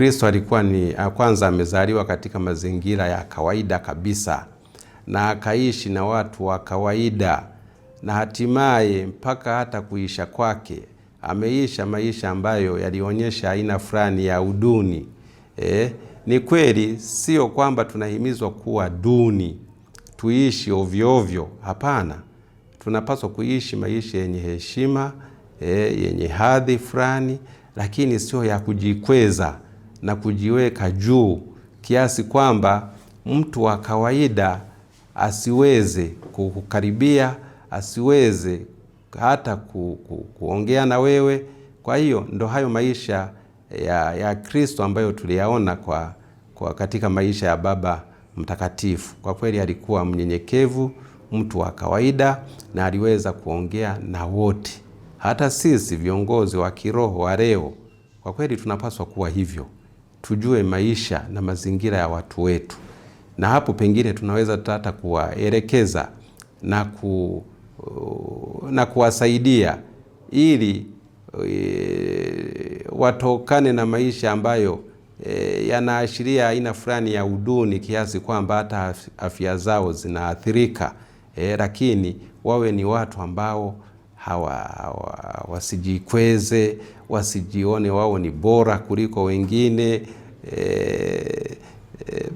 Kristo alikuwa ni ah, kwanza, amezaliwa katika mazingira ya kawaida kabisa na akaishi na watu wa kawaida, na hatimaye mpaka hata kuisha kwake ameisha maisha ambayo yalionyesha aina fulani ya uduni. Eh, ni kweli, sio kwamba tunahimizwa kuwa duni tuishi ovyo ovyo, hapana. Tunapaswa kuishi maisha yenye heshima eh, yenye hadhi fulani, lakini sio ya kujikweza na kujiweka juu kiasi kwamba mtu wa kawaida asiweze kukukaribia, asiweze hata ku, ku, kuongea na wewe. Kwa hiyo ndo hayo maisha ya, ya Kristo ambayo tuliyaona kwa, kwa katika maisha ya Baba Mtakatifu. Kwa kweli alikuwa mnyenyekevu, mtu wa kawaida na aliweza kuongea na wote. Hata sisi viongozi wa kiroho wa leo kwa kweli tunapaswa kuwa hivyo tujue maisha na mazingira ya watu wetu, na hapo pengine tunaweza hata kuwaelekeza na, ku, uh, na kuwasaidia ili e, watokane na maisha ambayo e, yanaashiria aina fulani ya uduni kiasi kwamba hata afya zao zinaathirika e, lakini wawe ni watu ambao hawa, hawa wasijikweze, wasijione wao ni bora kuliko wengine e, e,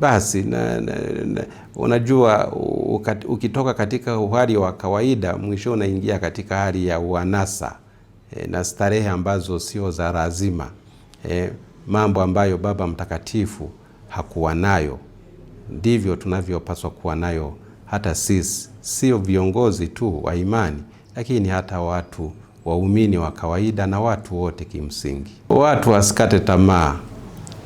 basi na, na, na, unajua ukat, ukitoka katika uhali wa kawaida mwisho unaingia katika hali ya uanasa e, na starehe ambazo sio za lazima e, mambo ambayo Baba Mtakatifu hakuwa nayo ndivyo tunavyopaswa kuwa nayo hata sisi, sio viongozi tu wa imani lakini hata watu waumini wa kawaida na watu wote kimsingi. Watu wasikate tamaa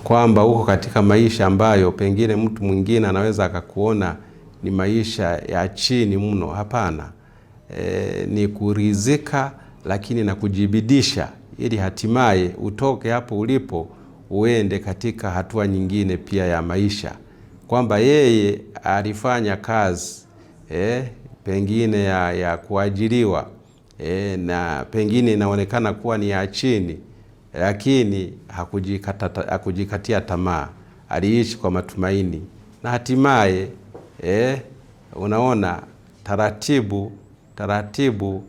kwamba uko katika maisha ambayo pengine mtu mwingine anaweza akakuona ni maisha ya chini mno. Hapana, e, ni kurizika lakini na kujibidisha ili hatimaye utoke hapo ulipo uende katika hatua nyingine pia ya maisha, kwamba yeye alifanya kazi eh, pengine ya, ya kuajiriwa e, na pengine inaonekana kuwa ni ya chini, lakini hakujikatia tamaa, aliishi kwa matumaini na hatimaye e, unaona taratibu taratibu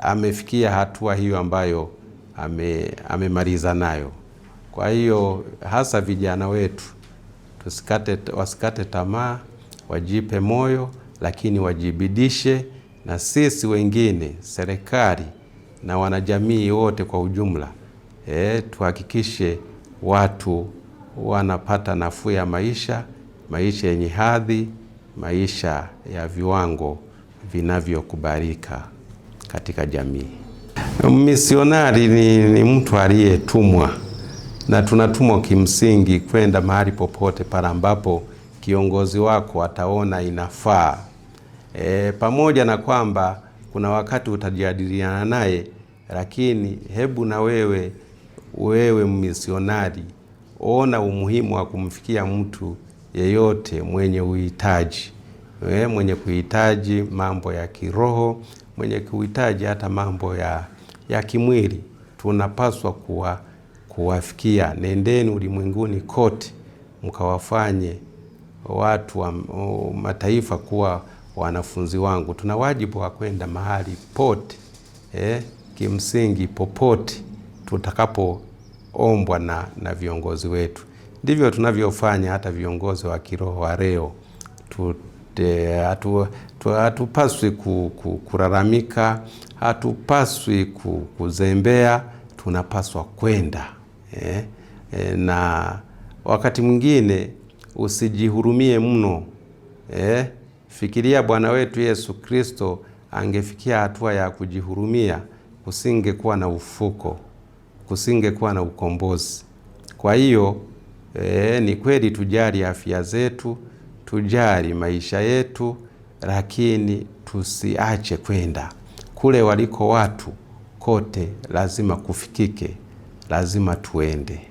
amefikia hatua hiyo ambayo amemaliza ame nayo. Kwa hiyo hasa vijana wetu tusikate, wasikate tamaa, wajipe moyo lakini wajibidishe na sisi wengine, serikali na wanajamii wote kwa ujumla e, tuhakikishe watu wanapata nafuu ya maisha, maisha yenye hadhi, maisha ya viwango vinavyokubalika katika jamii. Misionari ni, ni mtu aliyetumwa na tunatumwa kimsingi kwenda mahali popote pale ambapo kiongozi wako ataona inafaa. E, pamoja na kwamba kuna wakati utajadiliana naye, lakini hebu na wewe wewe mmisionari ona umuhimu wa kumfikia mtu yeyote mwenye uhitaji, e, mwenye kuhitaji mambo ya kiroho, mwenye kuhitaji hata mambo ya, ya kimwili. Tunapaswa kuwa kuwafikia. Nendeni ulimwenguni kote mkawafanye watu wa mataifa kuwa wanafunzi wangu. Tuna wajibu wa kwenda mahali pote eh, kimsingi popote tutakapoombwa na, na viongozi wetu. Ndivyo tunavyofanya hata viongozi wa kiroho wa leo. Hatupaswi ku, ku, kuraramika, hatupaswi ku, kuzembea, tunapaswa kwenda eh, eh, na wakati mwingine usijihurumie mno eh? Fikiria Bwana wetu Yesu Kristo angefikia hatua ya kujihurumia, kusingekuwa na ufuko, kusingekuwa na ukombozi. Kwa hiyo eh, ni kweli tujali afya zetu, tujali maisha yetu, lakini tusiache kwenda kule waliko watu kote, lazima kufikike, lazima tuende